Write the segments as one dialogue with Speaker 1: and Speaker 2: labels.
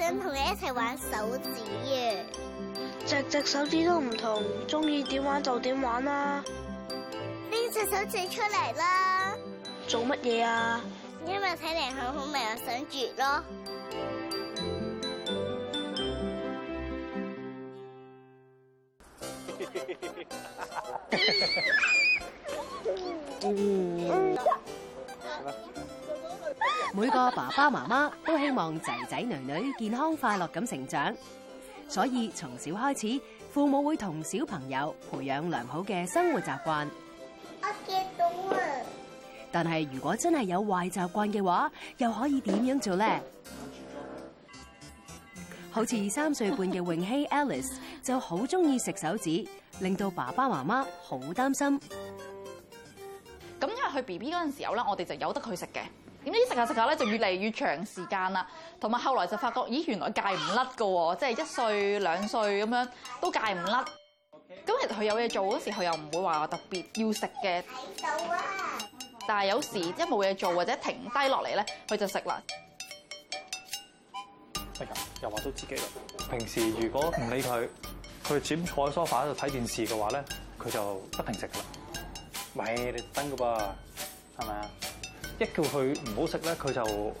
Speaker 1: 想同你一齊玩手指啊！隻隻手指都唔同，中意點玩就點玩啦，啊。拎隻手指出嚟啦！
Speaker 2: 做乜嘢啊？
Speaker 1: 因為睇嚟好好味，我
Speaker 3: 想住咯。
Speaker 4: 爸爸媽媽都希望仔仔女女健康快樂咁成長，所以從小開始，父母會同小朋友培養良好嘅生活習慣。
Speaker 1: 我見到啊！
Speaker 4: 但係如果真係有壞習慣嘅話，又可以點樣做呢？好似三歲半嘅泳希 Alice 就好中意食手指，令到爸爸媽媽好擔心。
Speaker 1: 咁因為去 B B 嗰陣時候啦，我哋就由得佢食嘅。點知食下食下咧，就越嚟越長時間啦。同埋後來就發覺，咦，原來戒唔甩噶喎，即係一歲兩歲咁樣都戒唔甩。咁其實佢有嘢做嗰時候，佢又唔會話特別要食嘅。睇到啦。但係有時即係冇嘢做或者停低落嚟咧，佢就食啦。
Speaker 3: 哎呀，又話到自己啦。平時如果唔理佢，佢剪坐喺梳化喺度睇電視嘅話咧，佢就不停食喇。喂，你真噶噃，係咪啊？一叫佢唔好食咧，佢就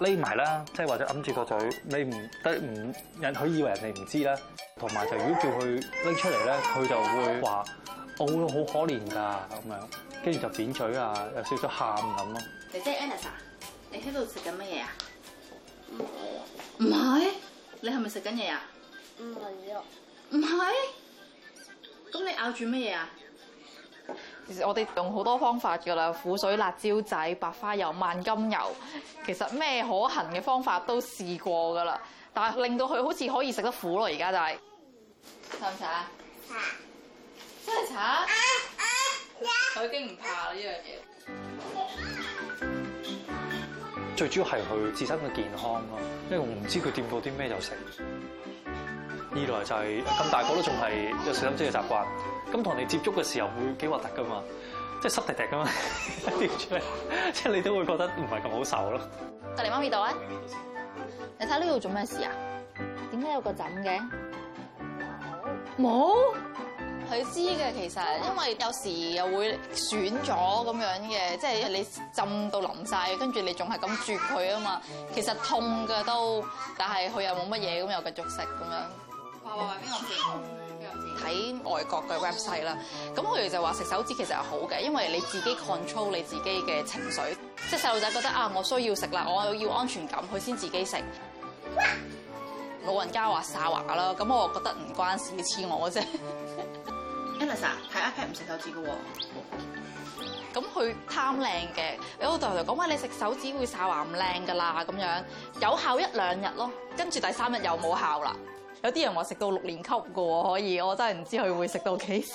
Speaker 3: 匿埋啦，即係或者揞住個嘴。你唔得唔引，佢以為人哋唔知啦。同埋就如果叫佢拎出嚟咧，佢就會話我會好可憐㗎咁樣，跟住就扁嘴啊，有少少喊咁咯。
Speaker 1: 姐姐 Anna，你喺度食緊乜嘢啊？唔係。唔係？你係咪食緊嘢啊？唔係啊。唔係？咁你咬住乜嘢啊？其實我哋用好多方法噶啦，苦水、辣椒仔、白花油、萬金油，其實咩可行嘅方法都試過噶啦，但係令到佢好似可以食得苦咯，而家就係，慘唔慘？慘，真係慘？佢已經
Speaker 4: 唔怕啦呢樣嘢，
Speaker 3: 最主要係佢自身嘅健康咯，因為我唔知佢掂到啲咩就食。二來就係、是、咁大個都仲係有水飲車嘅習慣，咁同你接觸嘅時候會幾核突噶嘛，即係濕滴滴噶嘛，跌出嚟，即係你都會覺得唔係咁好受咯。
Speaker 1: 隔離媽咪度啊，你睇呢度做咩事啊？點解有個枕嘅？
Speaker 4: 冇
Speaker 1: 冇佢知嘅其實，因為有時又會損咗咁樣嘅，即係你浸到淋晒，跟住你仲係咁啜佢啊嘛。其實痛嘅都，但係佢又冇乜嘢，咁又繼續食咁樣。睇外國嘅 website 啦，咁佢哋就話食手指其實係好嘅，因為你自己 control 你自己嘅情緒。即係細路仔覺得啊，我需要食啦，我要安全感，佢先自己食。哇。老人家話哨牙啦，咁我覺得唔關事，似我啫。Elsa 睇 iPad 唔食手指嘅喎，咁佢貪靚嘅，我同度講話你食手指會哨牙唔靚噶啦，咁樣有效一兩日咯，跟住第三日又冇效啦。有啲人話食到六年級嘅可以，我真係唔知佢會食到幾時。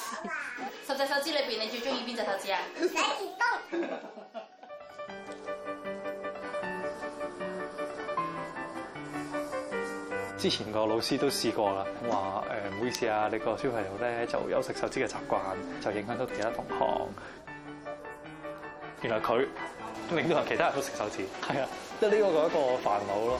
Speaker 1: 十隻手指裏邊，你最中意邊隻手指啊？
Speaker 3: 李 之前個老師都試過啦，話誒唔好意思啊，你個小朋友咧就有食手指嘅習慣，就影響到其他同學。原來佢令到其他人都食手指，係啊，即係呢個個一個煩惱咯。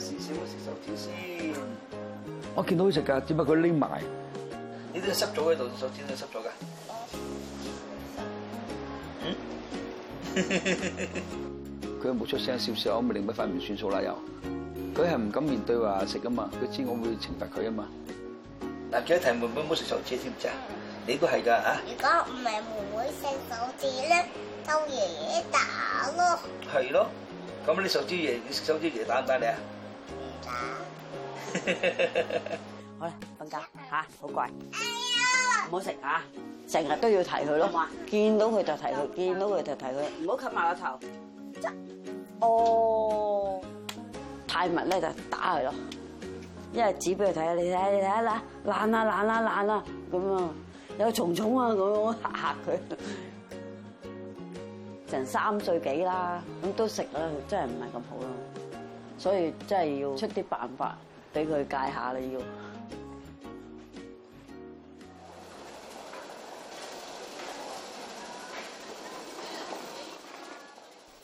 Speaker 1: 食少咪食手指先，我見到佢食噶，只不過佢拎埋，呢啲係濕咗喺度，手指都係濕咗噶。嗯，佢又冇出聲，少少我咪擰筆翻唔算數啦又，佢係唔敢面對話食噶嘛，佢知我會懲罰佢啊嘛。嗱，做一題冇冇冇食手指知唔知啊？你都係噶啊！如果唔係妹
Speaker 3: 妹食手指咧，就爺爺打咯。係咯，咁你手指爺，你食手指爺打唔打你啊？
Speaker 2: 好啦，瞓覺吓，好、啊、乖。唔好食吓，成、啊、日都要提佢咯，嘛、嗯。見到佢就提佢，嗯、見到佢就提佢。唔好冚埋個頭。哦，太密咧就打佢咯，一係指俾佢睇下，你睇下，你睇下，爛啦爛啦爛啦，咁啊有蟲蟲啊，咁嚇嚇佢。嚇嚇 成三歲幾啦，咁都食啦，真係唔係咁好咯。所以真係要出啲辦法俾佢戒
Speaker 4: 下啦，要。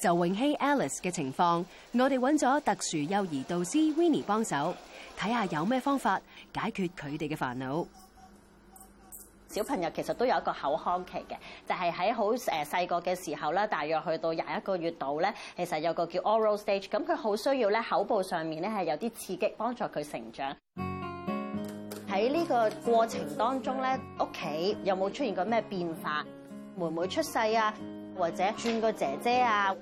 Speaker 4: 就泳希 Alice 嘅情況，我哋揾咗特殊幼兒導師 Winnie 幫手，睇下有咩方法解決佢哋嘅煩惱。小朋友其實都有一個
Speaker 2: 口腔期嘅，就係喺好誒細個嘅時候咧，大約去到廿一個月度咧，其實有一個叫 oral stage，咁佢好需要咧口部上面咧係有啲刺激幫助佢成長。喺呢個過程當中咧，屋企有冇出現過咩變化？妹妹出世啊，或者轉個姐姐啊，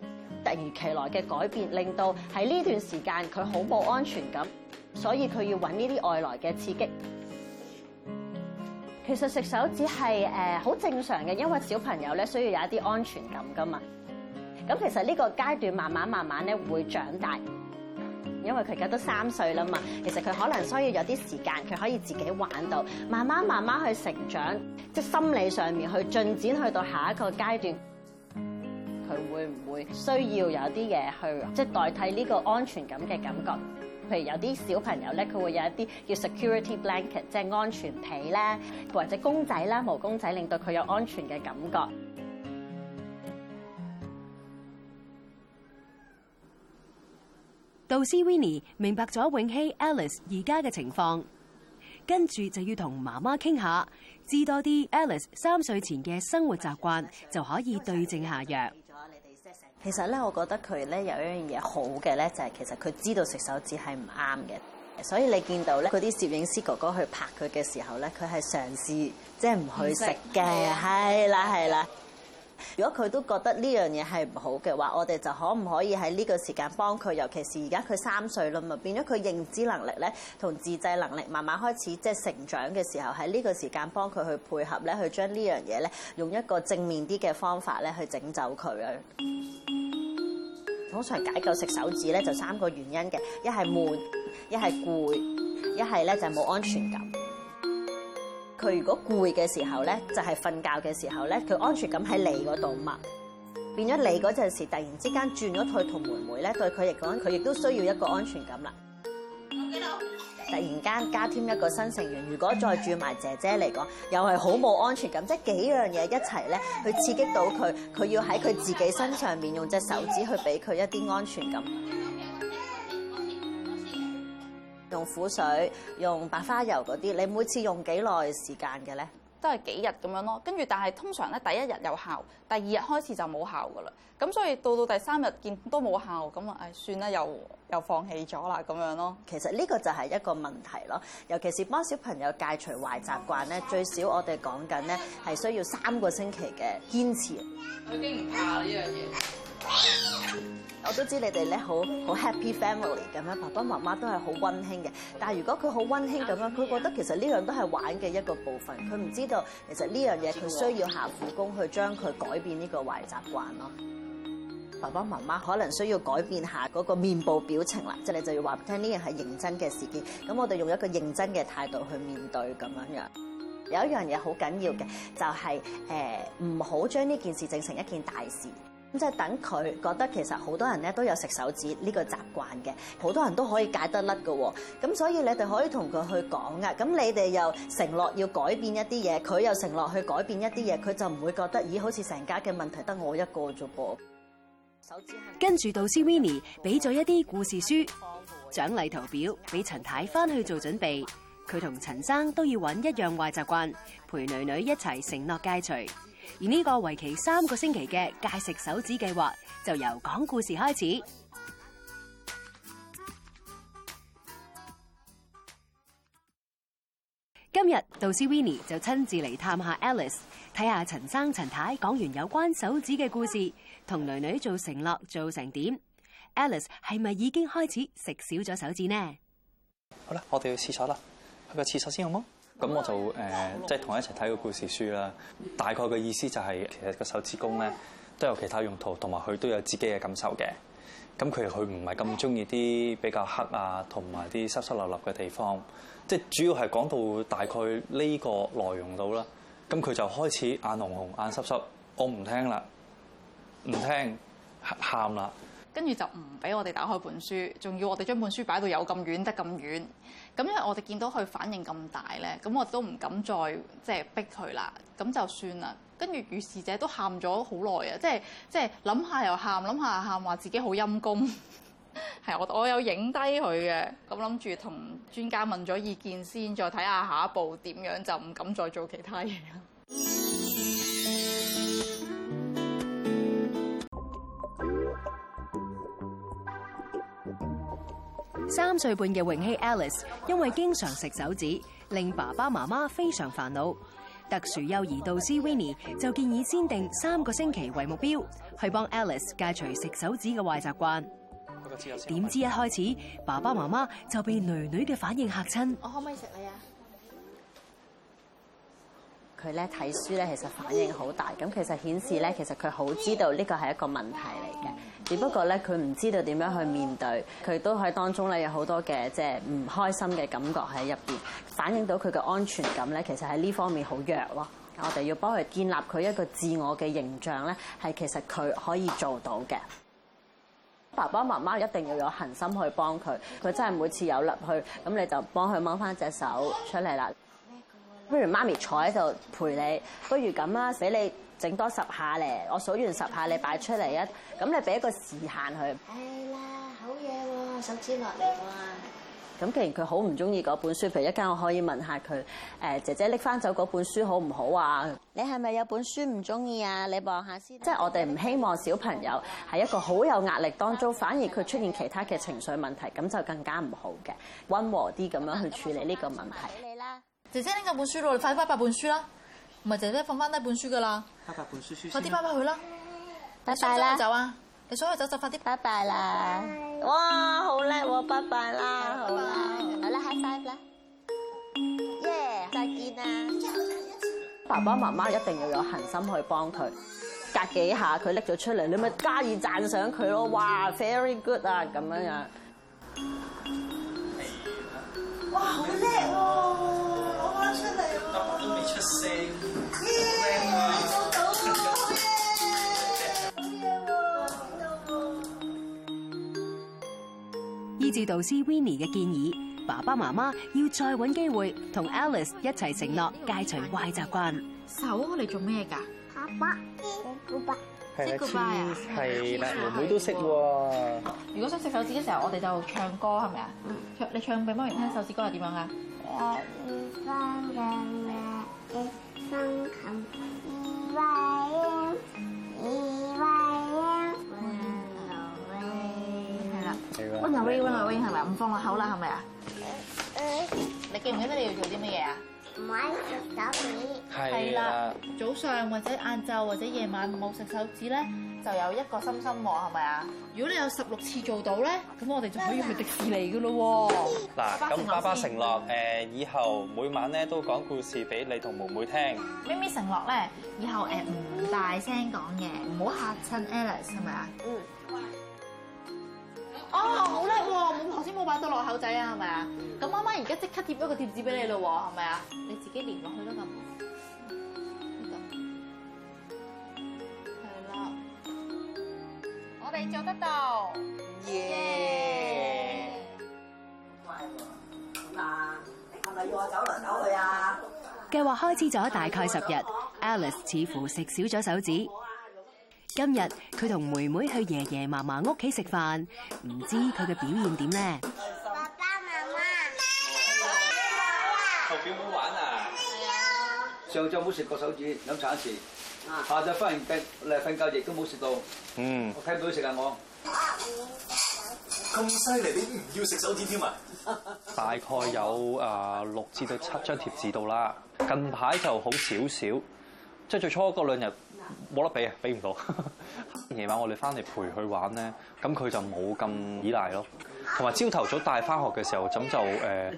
Speaker 2: 突如其來嘅改變令到喺呢段時間佢好冇安全感，所以佢要搵呢啲外來嘅刺激。其實食手指係誒好正常嘅，因為小朋友咧需要有一啲安全感㗎嘛。咁其實呢個階段慢慢慢慢咧會長大，因為佢而家都三歲啦嘛。其實佢可能需要有啲時間，佢可以自己玩到，慢慢慢慢去成長，即係心理上面去進展，去到下一個階段，
Speaker 4: 佢
Speaker 2: 會唔會需要有啲嘢去即係代替呢個安全感嘅感覺？譬如有啲小朋友咧，佢會有一啲叫 security blanket，即係安全被啦，或者公仔啦、毛公仔，令到佢有安全嘅感覺。
Speaker 4: 導師 Winnie 明白咗泳希 Alice 而家嘅情況，跟住就要同媽媽傾下，知多啲 Alice 三歲前嘅生活習慣，就可以對症下藥。其實咧，我覺得佢
Speaker 2: 咧有一樣嘢好嘅咧，就係其實佢知道食手指係唔啱嘅，所以你見到咧嗰啲攝影師哥哥去拍佢嘅時候咧，佢係嘗試即係唔去食嘅、嗯，係啦係啦。如果佢都覺得呢樣嘢係唔好嘅話，我哋就可唔可以喺呢個時間幫佢？尤其是而家佢三歲啦，咪變咗佢認知能力咧同自制能力慢慢開始即係、就是、成長嘅時候，喺呢個時間幫佢去配合咧，去將呢樣嘢咧用一個正面啲嘅方法咧去整走佢啊。通常解救食手指咧就三個原因嘅，一係悶，一係攰，一係咧就冇安全感。佢如果攰嘅時候咧，就係瞓覺嘅時候咧，佢安全感喺你嗰度嘛。變咗你嗰陣時，突然之間轉咗去同妹妹咧，對佢嚟講，佢亦都需要一個安全感啦。我記到。突然間加添一個新成員，如果再住埋姐姐嚟講，又係好冇安全感。即係幾樣嘢一齊咧，去刺激到佢，佢要喺佢自己身上面用隻手指去俾佢一啲安全感。用苦水，
Speaker 1: 用白花油嗰啲，你每次用幾耐時間嘅咧？都係幾日咁樣咯，跟住但係通常咧第一日有效，第二日開始就冇效噶啦。咁所以到到第三日見都冇效，咁啊唉，算啦，又又放棄咗啦咁樣咯。其實呢個就係一個問題
Speaker 2: 咯，尤其是幫小朋友戒除壞習慣咧，最少我哋講緊咧係需要三個星期嘅堅持。已經唔怕呢樣嘢。我都知你哋咧，好好 happy family 咁樣，爸爸媽媽都係好溫馨嘅。但係如果佢好溫馨咁樣，佢覺得其實呢樣都係玩嘅一個部分，佢唔知道其實呢樣嘢佢需要下苦功去將佢改變呢個壞習慣咯。爸爸媽媽可能需要改變下嗰個面部表情啦，即係你就要話聽呢樣係認真嘅事件。咁我哋用一個認真嘅態度去面對咁樣樣。有一樣嘢好緊要嘅，就係誒唔好將呢件事整成一件大事。咁即係等佢覺得其實好多人咧，都有食手指呢個習慣嘅，好多人都可以戒得甩嘅。咁所以你哋可以同佢去講啊。咁你哋又承諾要改變一啲嘢，佢又承諾去改變一啲嘢，
Speaker 4: 佢就唔會覺得咦、哎，好似成家嘅問題得我一個啫噃。跟住導師 Winnie 俾咗一啲故事書、獎勵圖表俾陳太翻去做準備，佢同陳生都要揾一樣壞習慣陪女女一齊承諾戒除。而呢個為期三個星期嘅戒食手指計劃，就由講故事開始。今日導師 Winnie 就親自嚟探下 Alice，睇下陳生陳太講完有關手指嘅故事，同女女做承諾，做成點？Alice 係咪已經開始食少咗手指呢？
Speaker 3: 好啦，我哋去廁所啦，去個廁所先好么？咁我就誒，即係同佢一齊睇個故事書啦。大概嘅意思就係、是，其實個手指公咧都有其他用途，同埋佢都有自己嘅感受嘅。咁佢佢唔係咁中意啲比較黑啊，同埋啲濕濕立立嘅地方。即、就是、主要係講到大概呢個內容到啦。咁佢就開始眼紅紅、眼濕濕，我唔聽啦，唔聽喊啦。
Speaker 1: 跟住就唔俾我哋打開本書，仲要我哋將本書擺到有咁遠得咁遠。咁因為我哋見到佢反應咁大咧，咁我都唔敢再即係逼佢啦。咁就算啦。跟住於是者都喊咗好耐啊，即係即係諗下又喊，諗下又喊，話自己好陰功。係 我我有影低佢嘅。咁諗住同專家問咗意見先，再睇下下一步點樣，就唔敢再做其他嘢啦。
Speaker 4: 三歲半嘅泳希 Alice 因為經常食手指，令爸爸媽媽非常煩惱。特殊幼兒導師 Winnie 就建議先定三個星期為目標，去幫 Alice 戒除食手指嘅壞習慣。點知一開始爸爸媽媽就被女女嘅反應嚇親。
Speaker 1: 我可唔可以食你啊？
Speaker 4: 佢咧睇書咧，其實反
Speaker 2: 應好大。咁其實顯示咧，其實佢好知道呢個係一個問題。只不過咧，佢唔知道點樣去面對，佢都喺當中咧有好多嘅即係唔開心嘅感覺喺入邊，反映到佢嘅安全感咧，其實喺呢方面好弱咯。我哋要幫佢建立佢一個自我嘅形象咧，係其實佢可以做到嘅。爸爸媽媽一定要有恆心去幫佢，佢真係每次有立去，咁你就幫佢掹翻隻手出嚟啦。不如媽咪坐喺度陪你，不如咁啊，俾你整多十下咧，我數完十下你擺出嚟啊，咁你俾一個時限佢。係啦，好嘢喎，手指落嚟喎。咁既然佢好唔中意嗰本書，譬如一間我可以問下佢，誒姐姐拎翻走嗰本書好唔好啊？你係咪有本書唔中意啊？你望下先。即係我哋唔希望小朋友係一個好有壓力當中，反而佢出現其他嘅情緒問題，咁就更加唔好嘅。溫和啲咁樣去處理
Speaker 1: 呢個問題。姐姐拎咗本書咯，你快快翻百本書啦，唔係姐姐放翻低本書噶啦想想，
Speaker 4: 快啲翻翻
Speaker 1: 去啦，拜拜啦，拜拜啦，走啊，你想去走就快啲，拜拜
Speaker 2: 啦，哇，好叻喎，拜拜啦，好啦，好啦，拜拜啦，耶、yeah，再見啊，爸爸媽媽一定要有恒心去幫佢，隔幾下佢拎咗出嚟，你咪加以讚賞佢咯，哇，very good 啊，咁樣樣，
Speaker 3: 哇，好叻喎！出嚟、啊，爸爸都未出聲。做到好耶！耶！做
Speaker 4: 到夢。依照導師 Winnie 嘅建議，嗯，爸爸媽媽要再揾機會同 Alice 一齊承諾戒除壞習慣。手你做咩㗎？爸爸，我爸
Speaker 3: 爸。即個拜妹妹都識喎。
Speaker 1: 如果想食手指嘅時候，我哋就唱歌，係咪啊？唱，你唱俾媽咪聽手指歌係點樣啊？
Speaker 2: 係啦，這個。Run away, run away 係咪唔放落口啦，係咪
Speaker 1: 啊？你記唔記得你要做啲乜嘢啊？唔
Speaker 3: 可以食手
Speaker 1: 指，係啦。早上或者晏晝或者夜晚冇食手指咧，就有一個心心喎，係咪啊？如果你有十六次做到咧，咁我哋就可以去迪士尼噶咯。嗱，咁
Speaker 3: 爸爸承諾，誒，以後每晚咧都講故事俾你同妹妹聽。
Speaker 1: 咪咪承諾咧，以後誒唔大聲講嘅，唔好嚇親 Alex 係咪啊？嗯。哦，好叻喎！冇頭先冇擺到落口仔啊，係咪啊？咁、嗯、媽媽而家即刻貼咗個貼紙俾你咯喎，係咪啊？你自己連落去啦咁。係、這、啦、個，我哋做得到。耶！
Speaker 2: 喂！
Speaker 1: 嗱，
Speaker 2: 你係咪要我走嚟走去啊？
Speaker 4: 計劃開始咗大概十日 ，Alice 似乎食少咗手指。今日佢同妹妹去爺爺嫲嫲屋企食飯，唔知佢嘅表現點咧？爸爸媽媽，爸爸媽媽，圖片好玩啊！上晝冇食過手指，飲茶時，
Speaker 3: 下晝翻完嚟瞓覺，亦都冇食到。嗯，我聽唔到食啊我，咁犀利你唔要食手指添啊？大概有誒六至到七張貼紙到啦，近排就好少少，即係最初嗰兩日。冇得比啊，比唔到。夜 晚我哋翻嚟陪佢玩咧，咁佢就冇咁依賴咯。同埋朝頭早帶翻學嘅時候，咁就誒、呃、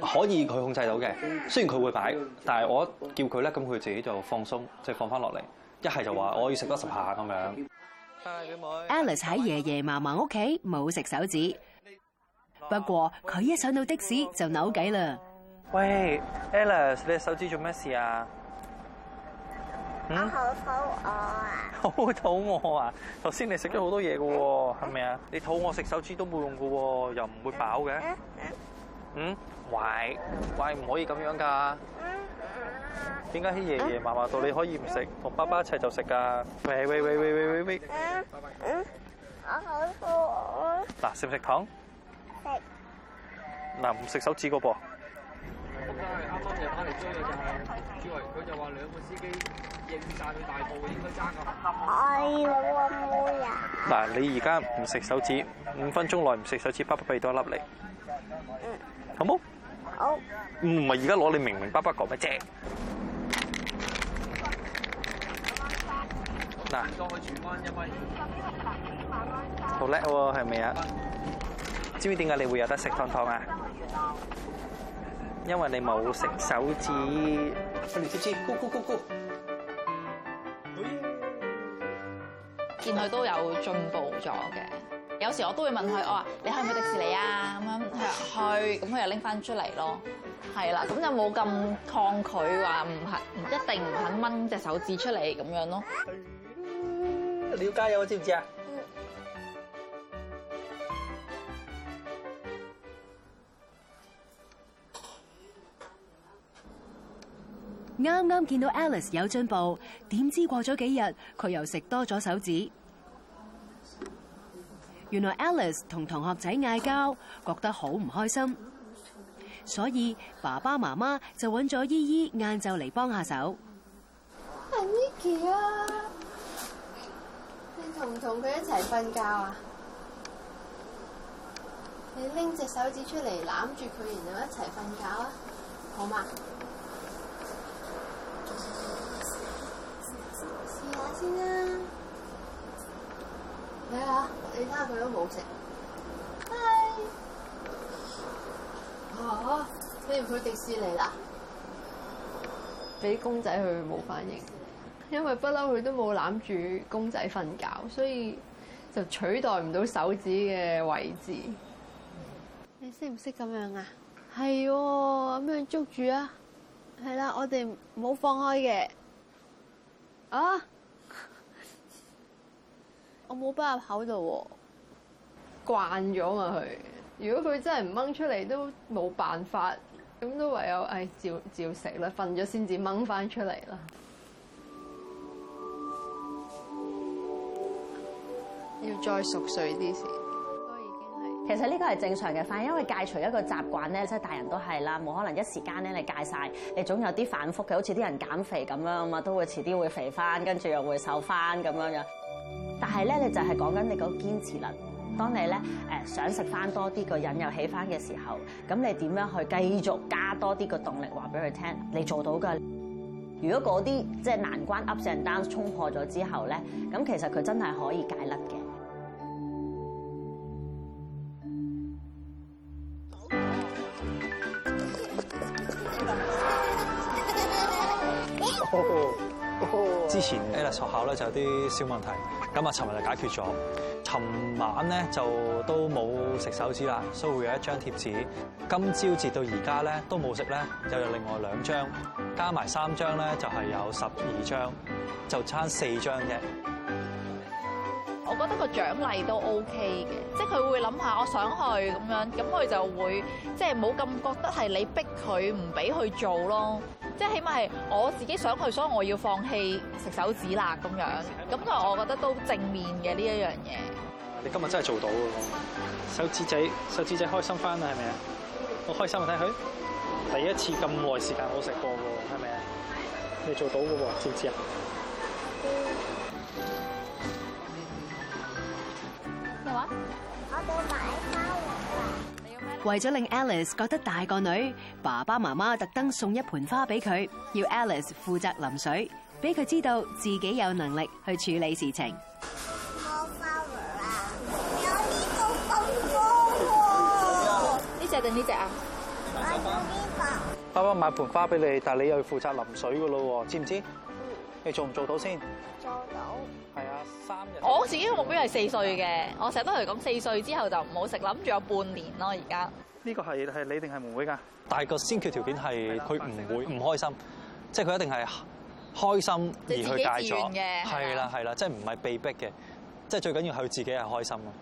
Speaker 3: 可以佢控制到嘅。雖然佢會擺，但係我叫佢咧，咁佢自己就放鬆，即係放翻落嚟。一係就話我要食多十下咁樣。
Speaker 4: Alice 喺爺爺嫲嫲屋企冇食手指，不過佢一上到的士就扭計啦。
Speaker 3: 喂，Alice，你手指做咩事啊？
Speaker 1: 好
Speaker 3: 肚餓啊！好肚餓啊！頭先你食咗好多嘢㗎喎，係咪啊？你肚餓食手指都冇用嘅，又唔會飽嘅，嗯嗯嗯嗯嗯。嗯？喂喂，唔可以咁樣噶。點解喺爺爺嫲嫲度你可以唔食，同爸爸一齊就食噶？喂喂喂，嗯，喂喂喂，嗯，喂！
Speaker 1: 嗯，我好肚餓。
Speaker 3: 嗱，食唔食糖？食。嗱，唔食手指個噃。我呀、就是！嗱，你而家唔食手指，五分鐘內唔食手指，啪啪俾多粒你、嗯，好冇？好。唔係而家攞你明明白白講咩啫？嗱，一一好叻喎，係咪啊？是是知唔知點解你會有得食湯湯啊？因為你冇食手指，你知唔知？咕咕咕咕，
Speaker 1: 見、呃、佢、呃呃呃呃呃、都有進步咗嘅。有時我都會問佢，我話、哦、你去唔去迪士尼啊？咁樣，佢話去，咁佢又拎翻出嚟咯。係啦，咁就冇咁抗拒話唔肯，一定唔肯掹隻手指出嚟咁樣咯。你
Speaker 3: 要加油，知唔知啊？
Speaker 4: 啱啱見到 Alice 有進步，點知過咗幾日佢又食多咗手指。原來 Alice 同同學仔嗌交，覺得好唔開心，所以爸爸媽媽就揾咗姨姨晏晝嚟幫下手。係啊，Nicky 啊,你同唔同佢一齊瞓覺啊？你拎隻手指出嚟攬住佢，然後
Speaker 1: 一齊瞓覺啊，好
Speaker 4: 嘛？先睇下，你睇下佢都冇食。Bye，啊！你唔去迪士尼啦？俾公仔佢冇反應，
Speaker 1: 因為不嬲佢都冇攬住公仔瞓覺，所以就取代唔到手指嘅位置。你識唔識咁樣啊？係啊，咁樣捉住啊！係啦、啊，我哋冇放開嘅啊！我冇放入口度喎，慣咗嘛佢。如果佢真係唔掹出嚟都冇辦法，咁都唯有誒、哎、照照食啦。瞓咗先至掹翻出嚟啦。要再熟睡啲先。
Speaker 2: 都已經係。其實呢個係正常嘅反應，因為戒除一個習慣咧，即係大人都係啦，冇可能一時間咧你戒晒，你總有啲反覆嘅，好似啲人減肥咁啦嘛，都會遲啲會肥翻，跟住又會瘦翻咁樣樣。係咧，你就係講緊你個堅持啦，當你咧誒想食翻多啲，個人又起翻嘅時候，咁你點樣去繼續加多啲個動力，話俾佢聽，你做到㗎。如果嗰啲即係難關 up n down 衝破咗之後咧，咁其實佢真係可以戒甩嘅。
Speaker 3: 之前喺學校咧就有啲小問題，咁啊，尋日就解決咗。尋晚咧就都冇食手指啦，所以會有一張貼紙。今朝至到而家咧都冇食咧，又有另外兩張，加埋三張咧就係有十二張，就差四張啫。
Speaker 1: 我覺得個獎勵都 OK 嘅，即係佢會諗下我想去咁樣，咁佢就會即係冇咁覺得係你逼佢唔俾佢做咯。即係起碼係我自己想去，所以我要放棄食手指喇咁樣。咁就我覺得都正面嘅呢一樣嘢。
Speaker 3: 你今日真係做到喎，手指仔，手指仔開心翻啦，係咪啊？我開心睇佢第一次咁耐時間冇食過喎，係咪啊？你做到嘅喎，知唔知啊？
Speaker 4: 咩話？我為咗令 Alice 覺得大個女，爸爸媽媽特登送一盆花俾佢，要 Alice 負責淋水，俾佢知道自己有能力去處理事情。
Speaker 1: 我花蕊啊，有呢種花喎。呢隻定呢隻
Speaker 3: 啊？花花、這個，爸爸買盆花俾你，但係你又要負責淋水噶咯，知唔知？你做唔做到先？我自己嘅目標係四
Speaker 1: 歲嘅，我成日都係講四歲之後就唔好食啦，諗住有半年咯。而家
Speaker 3: 呢個係係你定係妹妹㗎？但係個先決條件係佢唔會唔開心，即係佢一定係開心而去戒咗，係啦係啦，即係唔係被逼嘅，即係最緊要係佢自己係開心咯。